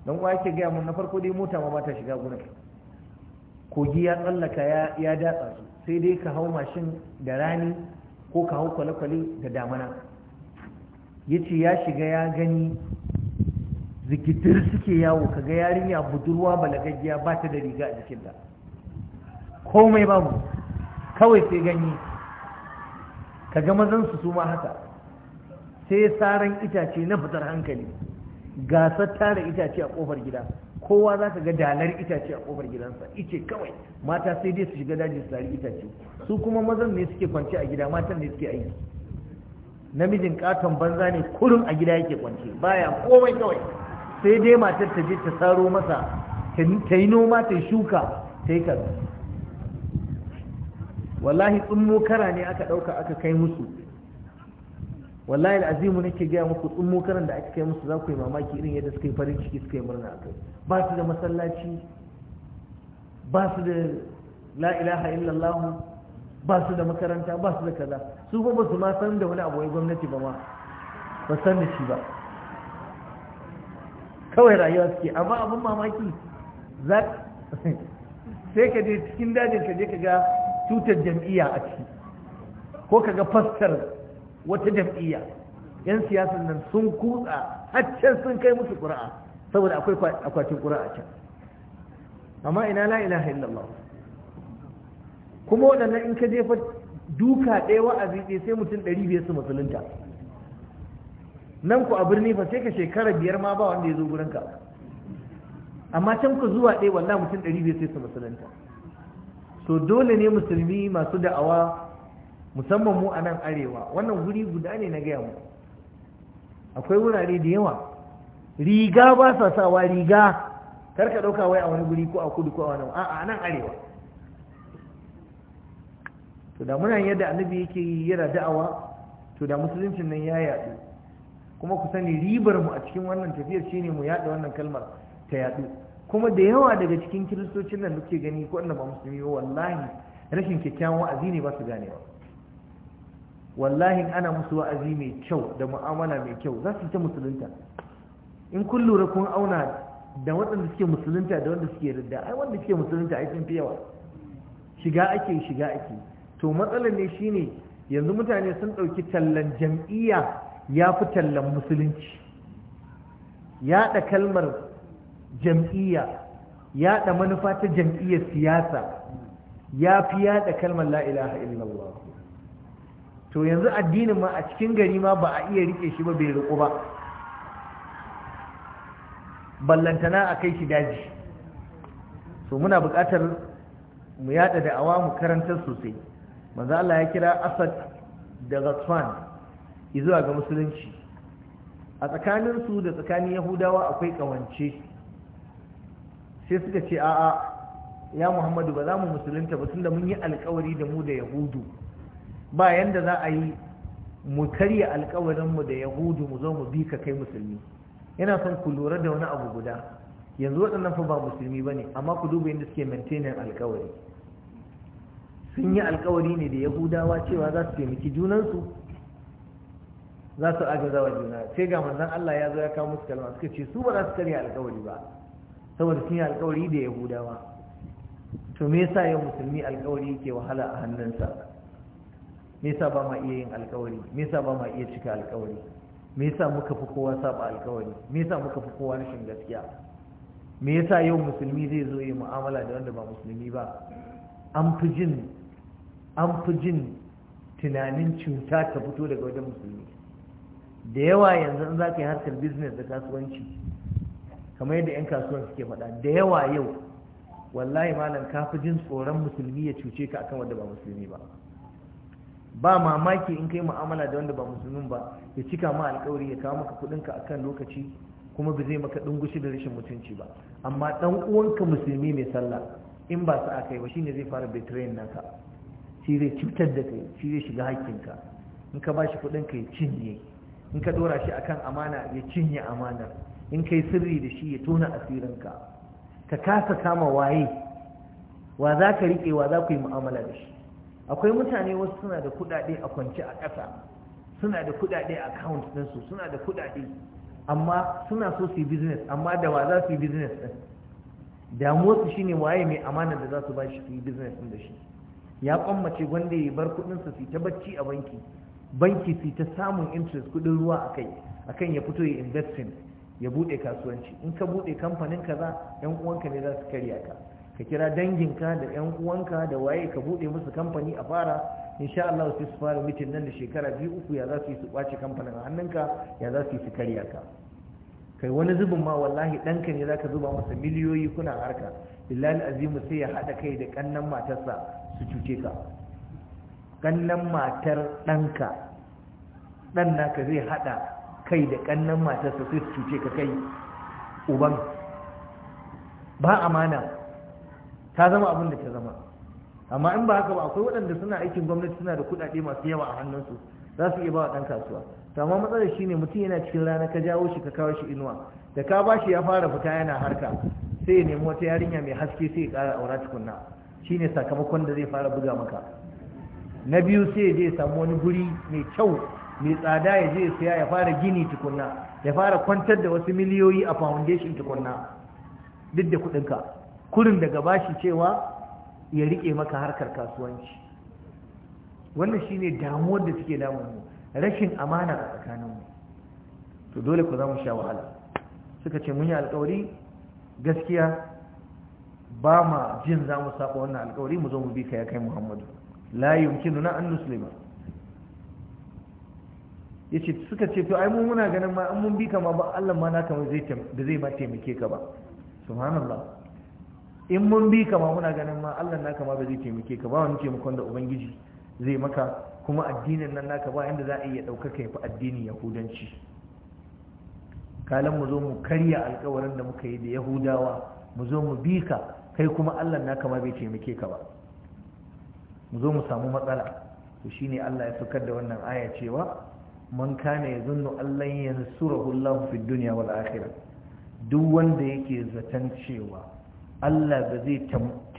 don kuwa yake gaya mun na farko dai mota ma ba ta shiga gunar kogi ya tsallaka ya datsa su sai dai ka hau mashin da rani ko ka hau kwale-kwale da damana ya ce ya shiga ya gani zikitir suke yawo ka kaga yarinya budurwa balagaggiya ba ta da riga a jikinta komai babu kawai sai ganye kaga mazan su su ma haka sai saran itace na fitar hankali gasar tara itace a kofar gida kowa za ka ga dalar itace a kofar gidansa ice kawai mata sai dai su shiga daji su tari itace su kuma mazan ne suke kwance a gida matan ne suke aiki namijin katon banza ne kurun a gida yake kwance baya komai kawai sai dai matar ta je ta saro masa ta yi noma ta shuka ta yi kaza wallahi tsummo kara ne aka ɗauka aka kai musu wallahi azimu nake gaya muku tsummokaran da aka kai musu za ku yi mamaki irin yadda suka yi farin ciki suka yi murna a kai ba su da masallaci ba su da la ilaha illallah ba su da makaranta ba su da kaza su ba su ma san da wani abu ya gwamnati ba ma ba san da shi ba kawai rayuwa suke amma abin mamaki za sai ka je cikin dajin ka je ka ga tutar jam'iyya a ciki ko ka ga fastar wata jam'iyya yan siyasar nan sun kutsa haccen sun kai musu ƙura'a saboda akwai akwatin ƙura'a can amma ina la ilaha illallah kuma waɗannan in ka jefa duka ɗaya wa'azi ɗaya sai mutum ɗari biyar su musulunta nan ku a birni fa sai ka shekara biyar ma ba wanda ya zo gurinka amma can ku zuwa ɗaya wallahi mutum ɗari biyar sai su musulunta so dole ne musulmi masu da'awa musamman mu a nan arewa wannan wuri guda ne na gaya mu akwai wurare da yawa riga ba sa sawa riga kar ka ɗauka wai a wani guri ko a kudu ko a wani a nan arewa to da muna yadda annabi yake yi yana da'awa to da musuluncin nan ya yadu. kuma ku sani ribar mu a cikin wannan tafiyar shine mu yada wannan kalmar ta yadu. kuma da yawa daga cikin kiristocin nan muke gani ko ba musulmi wallahi rashin kyakkyawan wa'azi ne ba su ganewa wallahi ana musu wa'azi mai kyau da mu'amala mai kyau za su ta musulunta in kun lura kun auna da waɗanda suke musulunta da wanda suke ridda ai wanda suke musulunta ai sun fi yawa shiga ake shiga ake to matsalar ne shine yanzu mutane sun ɗauki tallan jam'iyya ya fi tallan musulunci yaɗa kalmar jam'iyya yaɗa manufa ta jam'iyyar siyasa ya fi yaɗa kalmar la ilaha illallah to yanzu addinin ma a cikin gari ma ba a iya rike shi ba bai riko ba ballantana a kai shi daji so muna buƙatar mu yada da awa mu karantar sosai manzo Allah ya kira Asad da Ghatfan zuwa ga musulunci a tsakanin su da tsakanin Yahudawa akwai kawance sai suka ce a'a ya Muhammadu ba za mu musulunta ba tunda mun yi alƙawari da mu da Yahudu ba yanda za a yi mu karya alkawarinmu da yahudu mu zo mu bi ka kai musulmi yana son ku lura da wani abu guda yanzu waɗannan fa ba musulmi ba ne amma ku duba yadda suke maintainin alkawari sun yi alkawari ne da yahudawa cewa za su taimaki junansu za su agazawa juna sai ga manzon Allah ya zo ya kawo musu kalma suka ce su ba za su karya alkawari ba saboda sun yi alkawari da yahudawa to me yasa yau musulmi alkawari yake wahala a hannunsa me yasa ba ma iya yin alkawari me yasa ba ma iya cika alkawari me yasa muka fi kowa saba alkawari me yasa muka fi kowa rashin gaskiya me yasa yau musulmi zai zo yi mu'amala da wanda ba musulmi ba an fi jin an fi jin tunanin cuta ta fito daga wajen musulmi da yawa yanzu za ka yi harkar business da kasuwanci kamar yadda 'yan kasuwan suke faɗa da yawa yau wallahi malam ka fi jin tsoron musulmi ya cuce ka akan wanda ba musulmi ba ba mamaki in kai mu'amala da wanda ba musulmin ba ya cika ma alkawari ya kawo maka kudinka kan lokaci kuma ba zai maka dungushi da rashin mutunci ba amma dan uwanka musulmi mai sallah in ba sa kai ba shine zai fara betrayin naka shi zai cutar da kai shi zai shiga hakkinka in ka bashi kudinka ya cinye in ka dora shi akan amana ya cinye amanar in kai sirri da shi ya tona asirinka ka kasa kama waye wa za ka riƙe wa za ku yi mu'amala da shi akwai mutane wasu suna da kuɗaɗe a kwance a ƙasa suna da kuɗaɗe a account ɗinsu suna da kuɗaɗe amma suna so su yi business amma da wa za su yi business ɗin damuwarsu shine waye mai amana da za su ba shi su yi business ɗin da shi ya kwammace gwanda ya bar kuɗinsa su ta bacci a banki banki su ta samun interest kuɗin ruwa a kai akan ya fito ya investing ya buɗe kasuwanci in ka buɗe kamfanin kaza yan uwanka ne za su karya ka ka kira danginka da yan uwanka da waye ka bude musu kamfani a fara insha Allah sai su fara mitin nan da shekara biyu uku ya za su yi su kwace kamfanin a hannunka ya za su yi su karya ka kai wani zubin ma wallahi ɗanka ne za ka zuba masa miliyoyi kuna harka billahi azimu sai ya haɗa kai da ƙannan matarsa su cuce ka ƙannan matar ɗanka ɗan naka zai haɗa kai da ƙannan matarsa sai su cuce ka kai uban ba amana ta zama abin da ta zama amma in ba haka ba akwai waɗanda suna aikin gwamnati suna da kuɗaɗe masu yawa a hannunsu za su iya ba wa ɗan kasuwa to amma matsalar shi ne mutum yana cikin rana ka jawo shi ka kawo shi inuwa da ka ba shi ya fara fita yana harka sai ya nemi wata yarinya mai haske sai ya ƙara aura tukunna shine sakamakon da zai fara buga maka na biyu sai ya je samu wani guri mai kyau mai tsada ya je ya saya ya fara gini tukunna ya fara kwantar da wasu miliyoyi a foundation tukunna duk da kuɗinka kurin daga bashi cewa ya rike maka harkar kasuwanci wannan shine damuwar da suke damun mu rashin amana a tsakanin mu to dole ku za mu sha wahala suka ce mun yi alƙawari gaskiya ba ma jin za mu wannan alƙawari mu zo mu bi ka ya kai Muhammadu la yumkinuna an nuslima yace suka ce to ai mu muna ganin ma an mun bi ka ma ba Allah ma naka zai da zai ba taimake ka ba subhanallah in mun bi kama muna ganin ma Allah naka ma ba zai taimake ka ba wani taimakon da ubangiji zai maka kuma addinin nan naka ba inda za a iya ɗaukaka ya fi addinin yahudanci kalan mu zo mu karya alkawarin da muka yi da yahudawa mu zo mu bi ka kai kuma Allah naka ma bai taimake ka ba mu zo mu samu matsala to shine Allah ya saukar da wannan aya cewa man kana yazunnu Allah yansurahu Allah fi dunya wal akhirah duk wanda yake zaton cewa Allah ba zai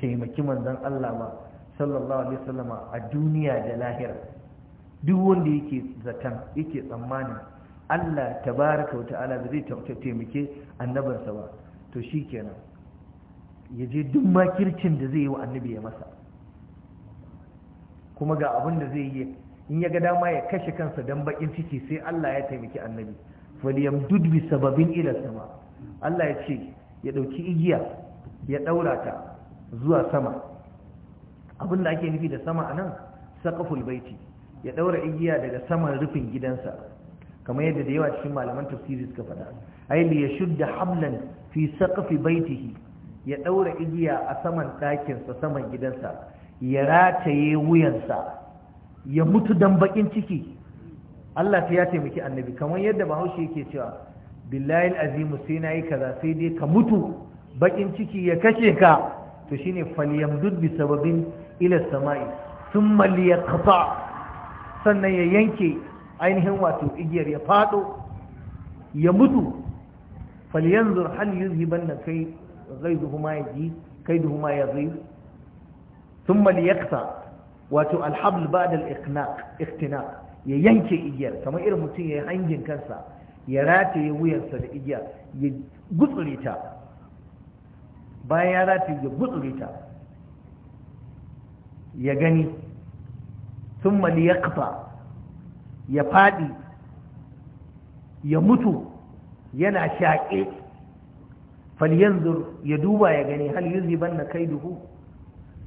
taimaki manzan Allah ba sallallahu alaihi wasallama a duniya da lahira duk wanda yake zatan yake tsammanin Allah tabaraka wata'ala ba zai taimake annabarsa ba to shikenan ya je duk makircin da zai yi wa annabi ya masa kuma ga abin da zai yi in ya ga dama ya kashe kansa dan bakin ciki sai Allah ya taimaki annabi falyamdud dudbi sababin ila sama Allah ya ce ya dauki igiya ya daura ta zuwa sama abinda ake nufi da sama anan saqaful baiti ya daura igiya daga saman rufin gidansa kamar yadda da yawa cikin malaman tafsiri suka faɗa ai li yashudda hablan fi saqfi baitihi ya ɗaura igiya a saman ɗakinsa saman gidansa ya rataye wuyansa ya mutu dan bakin ciki Allah Ta ya taimaki annabi kamar yadda bahaushe yake cewa billahi azimu sai nayi kaza sai dai ka mutu bakin ciki ya kashe ka to shine falyamdud bi sababin ila samai thumma liyaqta sannan ya yanke ainihin wato igiyar ya fado ya mutu falyanzur hal yuzhibanna kai ghayduhu ma yaji kaiduhu ma yazi thumma liyaqta wato alhabl ba'da al-iqnaq iqtinaq ya yanke igiyar kamar irin mutum ya hangin kansa ya rataye wuyarsa da igiyar ya gutsure ta bayan ya rati ya gutsure ta ya gani sun mali ya kafa ya fadi ya mutu yana shaƙe falyanzur ya duba ya gani hal yuzi ban na kai duhu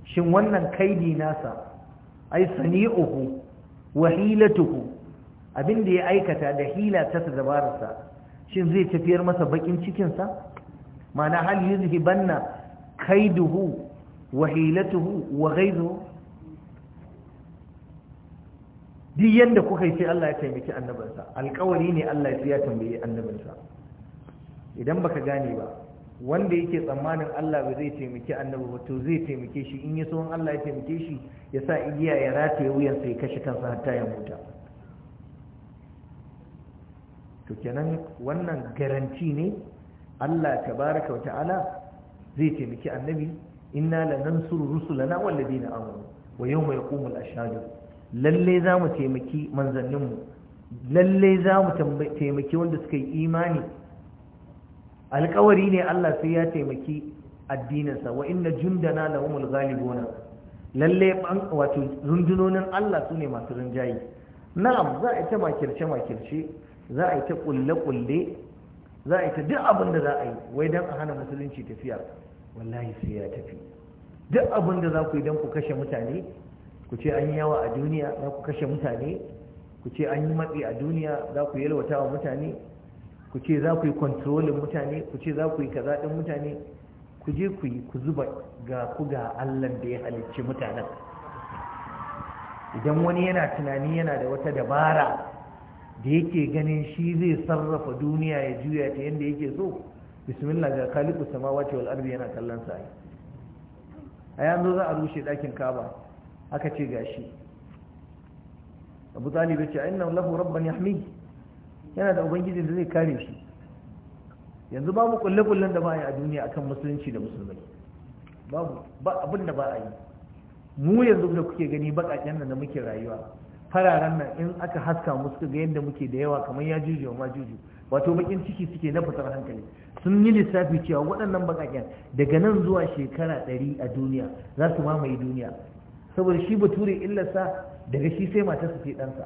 shin wannan kaidi nasa ai sani'uhu wa hilatuhu abinda ya aikata da hila ta dabararsa shin zai tafiyar masa bakin cikinsa ma'ana hal yuzhibanna kaiduhu wa hilatuhu wa ghaizuhu duk yadda kuka yi sai Allah ya taimaki annabinsa alkawari ne Allah ya tambaye annabinsa idan baka gane ba wanda yake tsammanin Allah ba zai taimaki annabi ba to zai taimake shi in ya so Allah ya taimake shi ya sa igiya ya rataye wuyansa ya kashe kansa har ya mutu to kenan wannan garanti ne Allah baraka wa ta'ala zai taimaki annabi inna lanansuru rusulana wal ladina amanu wa yawma yaqumul ashhadu lalle za mu taimaki manzanninmu lalle za mu taimaki wanda suka yi imani alkawari ne Allah sai ya taimaki addininsa wa inna jundana lahumul ghalibuna lalle wato rundunonin Allah sune masu rinjaye na'am za a yi ta makirce makirce za a yi ta kulle kulle za a yi ta duk abin da za a yi wai don a hana musulunci tafiya wallahi sai ya tafi duk abin da za ku yi don ku kashe mutane ku ce an yi yawa a duniya za ku kashe mutane ku ce an yi matsi a duniya za ku yalwata wa mutane ku ce za ku yi kwantarolin mutane ku ce za ku yi kaza ɗin mutane ku je ku yi ku zuba ga ku ga allah da ya halicci mutanen idan wani yana tunani yana da wata dabara da yake ganin shi zai sarrafa duniya ya juya ta yadda yake so bismillah ga kalibu sama wace wal'arbi yana kallon sa a yanzu za a rushe ɗakin kaba aka ce gashi Abu ce a ina lahu rabban yahmi yana da ubangijin da zai kare shi yanzu babu kullum da ba a duniya akan musulunci da musulmai babu ba abin da ba a yi mu yanzu da kuke gani bakaken da muke rayuwa fararen nan in aka haska musu ga yadda muke da yawa kamar ya juju wa majuju wato bakin ciki suke na fitar hankali sun yi lissafi cewa waɗannan bakaken daga nan zuwa shekara ɗari a duniya za su mamaye duniya saboda shi bature illarsa daga shi sai su sai ɗansa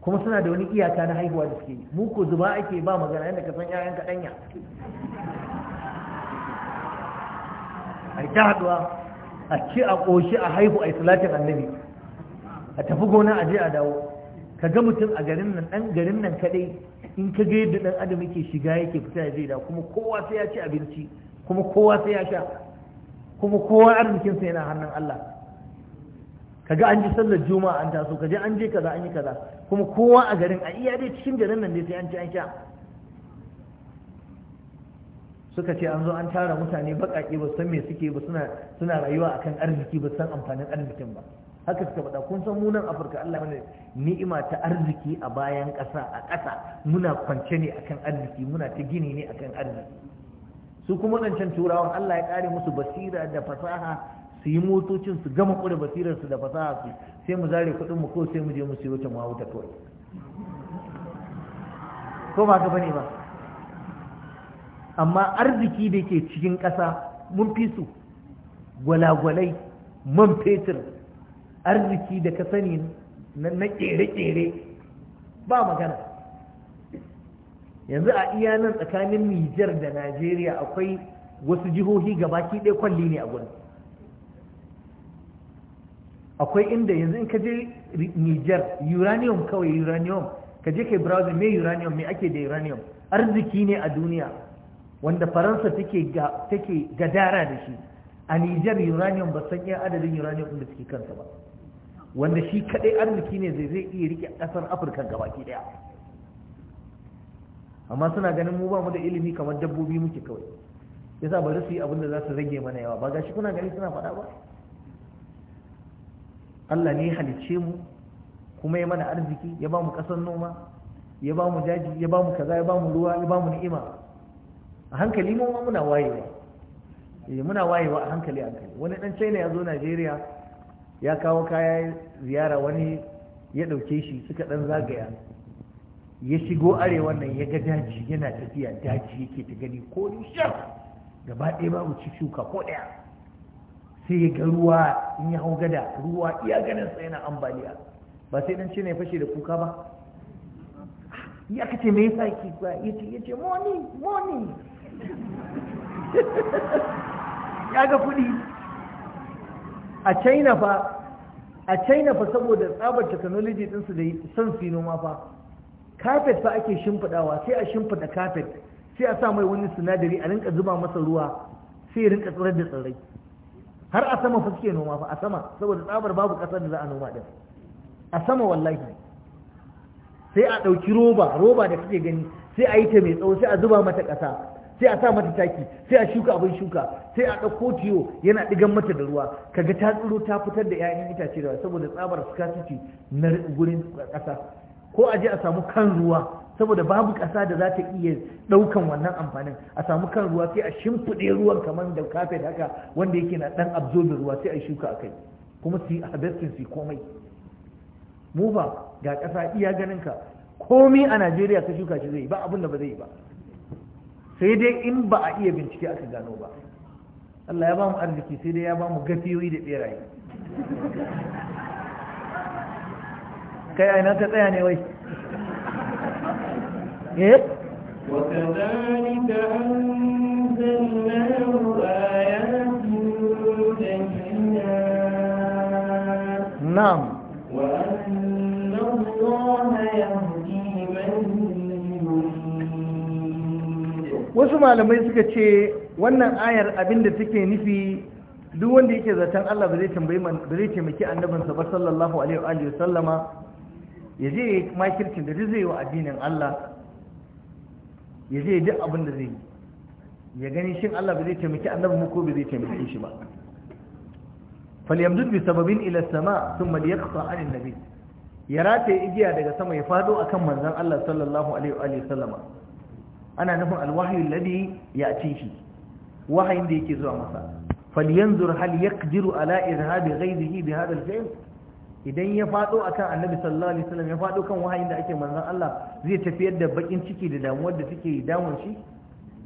kuma suna da wani iyaka na haihuwa da suke yi mu ko zuba ake ba magana yadda ka san 'ya'yan kaɗanya a ta haɗuwa a ce a ƙoshi a haihu a salatin annabi a tafi gona a je a dawo ka ga mutum a garin nan dan garin nan kadai in ka ga yadda dan adam yake shiga yake fita ya je da kuma kowa sai ya ci abinci kuma kowa sai ya sha kuma kowa arzikin sa yana hannun Allah kaga an ji sallar juma'a an taso kaje an je kaza an yi kaza kuma kowa a garin a iya dai cikin garin nan dai sai an ci an sha suka ce an zo an tara mutane baƙaƙe ba san me suke ba suna rayuwa akan arziki ba san amfanin arzikin ba haka suka faɗa kun san munan afirka allah mana ni'ima ta arziki a bayan ƙasa a ƙasa muna kwance ne akan arziki muna ta gini ne akan arziki su kuma wadancan turawan allah ya ƙare musu basira da fasaha su yi motocin su gama basirar basirarsu da fasaha su sai mu zare kuɗin mu ko sai mu je mu siyo ta mawuta kawai ko ba ka bane ba amma arziki da ke cikin ƙasa mun fi su gwalagwalai man fetur arziki da ka sani na kere-kere ba magana yanzu a iya nan tsakanin nijar da najeriya akwai wasu jihohi gabaki ɗaya kwalli ne a gurin akwai inda yanzu in ka je nijar uranium kawai uranium ka je kai brazil mai uranium mai ake da uranium arziki ne a duniya wanda faransa take gadara da shi a nijar uranium ba san iya adadin uranium da suke kansa ba wanda shi kadai arziki ne zai zai iya rike kasar afirka gabaki daya amma suna ganin mu ba mu da ilimi kamar dabbobi muke kawai yasa bari su yi abin da za su rage mana yawa ba gashi kuna gani suna faɗa ba Allah ne halicce mu kuma ya mana arziki ya ba mu kasar noma ya ba mu daji ya ba mu kaza ya ba mu ruwa ya ba mu ni'ima a hankali mu ma muna wayewa eh muna wayewa a hankali hankali wani dan China ya zo Najeriya ya kawo kaya ziyara wani ya ɗauke shi suka ɗan zagaya ya shigo arewan nan ya ga daji yana tafiya daji yake ta gani ko shan gaba ɗaya babu ci shuka ko ɗaya sai ya ga ruwa in ya hau gada ruwa iya ganin sa yana ambaliya ba sai dan cina ya fashe da kuka ba ya ka me yasa ba ya ce ya ce moni moni ya ga kuɗi a china fa a china fa saboda tsabar technology su da son su noma fa kafet fa ake shimfidawa sai a shimfida kafet sai a sa mai wani sinadari a rinka zuba masa ruwa sai ya rinka tsirar da tsirrai har a sama fa suke noma fa a sama saboda tsabar babu kasar da za a noma din a sama wallahi sai a dauki roba roba da kake gani sai a yi ta mai tsawo sai a zuba mata kasa. sai a sa mata taki sai a shuka abin shuka sai a ɗauko tiyo yana ɗigan mata da ruwa kaga ta tsiro ta fitar da 'ya'yan itace da saboda tsabar scarcity na gurin ƙasa ko a je a samu kan ruwa saboda babu ƙasa da za ta iya ɗaukan wannan amfanin a samu kan ruwa sai a shimfiɗe ruwan kamar da kafet haka wanda yake na ɗan absorbin ruwa sai a shuka a kai kuma su yi harvesting su komai mu ga ƙasa iya ganin ka komi a najeriya ka shuka shi zai ba abin da ba zai ba sai dai in ba a iya bincike aka gano ba Allah ya ba mu arziki sai dai ya ba mu gafiyoyi da beraye kai aina ta tsaya ne wai eh wasu malamai suka ce wannan ayar abin da take nufi duk wanda yake zaton Allah ba zai tambayi ba zai taimaki annabinsa ba sallallahu alaihi wa alihi sallama ya je makircin da zai yi wa addinin Allah ya je duk abin da zai yi ya gani shin Allah ba zai taimaki annabin mu ko ba zai taimaki shi ba falyamdud bi sababin ila sama thumma liyaqta an annabi ya rataye igiya daga sama ya fado akan manzon Allah sallallahu alaihi wa alihi sallama ana nufin ya alladhi shi. wahayin da yake zuwa masa falyanzur hal yaqdiru ala irhabi ghayrihi bi hadha alfi'l idan ya fado akan annabi sallallahu alaihi wasallam ya fado kan wahayin da ake manzon Allah zai tafiyar da bakin ciki da damuwar da take damun shi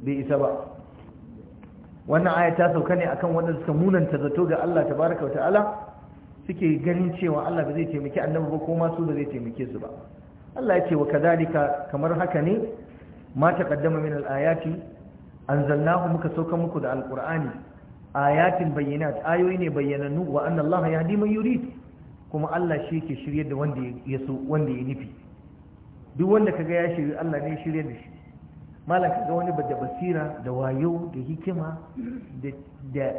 bai isa ba wannan aya ta sauka ne akan wanda suka munanta zato ga Allah tabaraka wa ta'ala suke ganin cewa Allah ba zai taimaki annabi ba ko ma su ba zai taimake su ba Allah ya ce wa kadalika kamar haka ne ma taqaddama min al-ayati anzalnahu muka sauka muku da alqur'ani ayatin bayyinat ayoyi ne bayyanannu wa anna allaha yahdi man yurid kuma Allah shi yake shirye da wanda ya so wanda ya nufi duk wanda kaga ya shirye Allah ne shirye da shi malam kaga wani da basira da wayo da hikima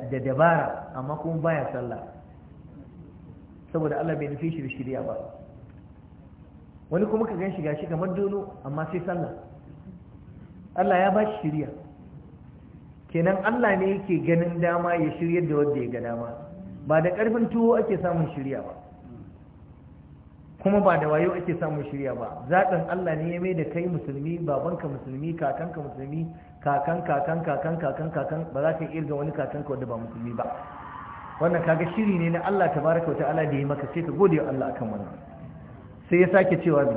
da dabara amma kuma baya sallah saboda Allah bai nufi shi da shirya ba wani kuma ka gan shi gashi kamar dono amma sai sallah Allah ya ba shi shirya kenan Allah ne yake ganin dama ya shirya da wanda ya ga dama ba da ƙarfin tuwo ake samun shirya ba kuma ba da wayo ake samun shirya ba zaɓin Allah ne ya mai da kai musulmi babanka musulmi kakanka musulmi kakan kakan kakan kakan kakan ba za ka irga wani kakanka wanda ba musulmi ba wannan kaga shiri ne na Allah tabaraka wa ta'ala da ya maka sai ka gode wa Allah akan wannan sai ya sake cewa bi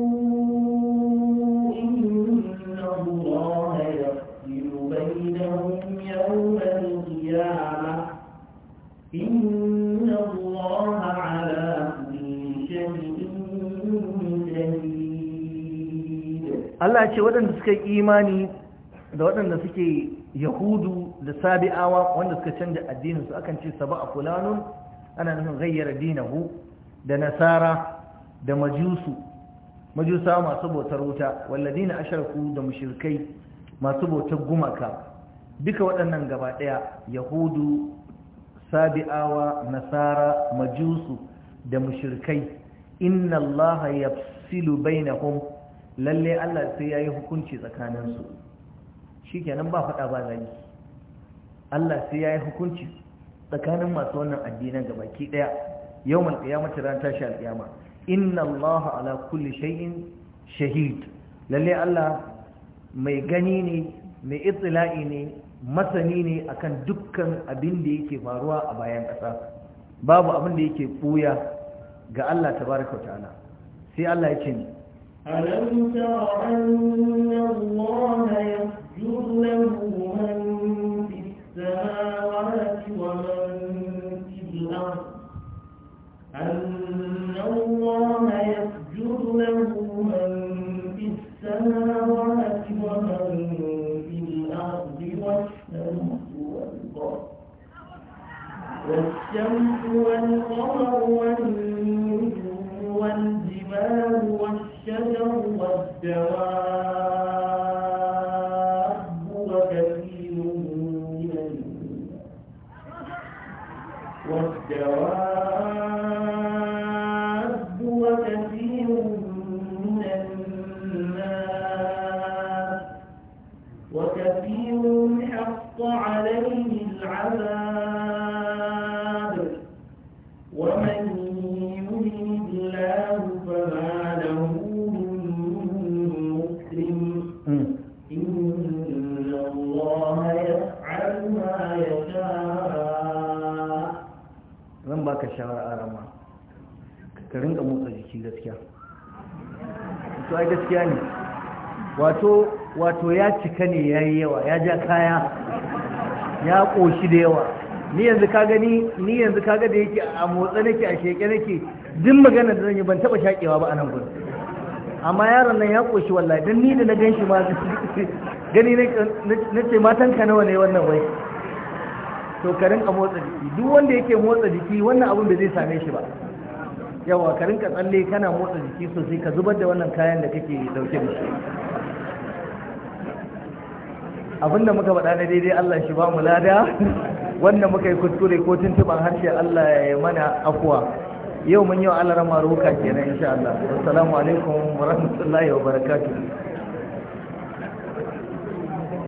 ce waɗanda suka yi imani da waɗanda suke yahudu da sabi'awa wanda suka canja su akan ce saba a fulanun ana nufin gayyara dinahu da nasara da majusu majusa masu bautar wuta walladina asharku da mushirkai masu bautar gumaka duka waɗannan gaba ɗaya yahudu sabi'awa nasara majusu da mushirkai inna allaha yafsilu bainahum lalle Allah sai ya yi hukunci tsakanin su kenan ba faɗa ba zaki Allah sai ya yi hukunci tsakanin masu wannan addinan gabaki daya yawmal qiyamati ran tashi alqiyama inna Allah ala kulli shay'in shahid lalle Allah mai gani ne mai itila'i ne masani ne akan dukkan abin da yake faruwa a bayan ƙasa babu abin da yake ɓuya ga Allah tabaraka ta'ala sai Allah ya ce ألم الله له من في السماوات ومن في الأرض والشمس والقمر والشمس والقمر والنجوم والجبال والشمس الشجر والدواب gaskiya ne wato ya cika ne ya yi yawa ya ja kaya ya ƙoshi da yawa ni yanzu ka gani ni yanzu ka ga da yake a motsa nake a sheke nake duk magana da zan yi ban taba shakewa ba a nan gudu, amma yaron nan ya koshi wallahi dan ni da na ganshi ma gani na ce matan ka nawa ne wannan wai to ka rinka motsa jiki duk wanda yake motsa jiki wannan abun da zai same shi ba yawa ka rinka tsalle kana motsa jiki sosai ka zubar da wannan kayan da kake dauke da shi Abin da muka faɗa na daidai Allah shi ba mu lada wanda muka yi kuskure ko tuntuban harshe Allah ya mana afuwa yau mun yi wa Allah rama kenan insha Allah assalamu alaikum wa rahmatullahi wa barakatuh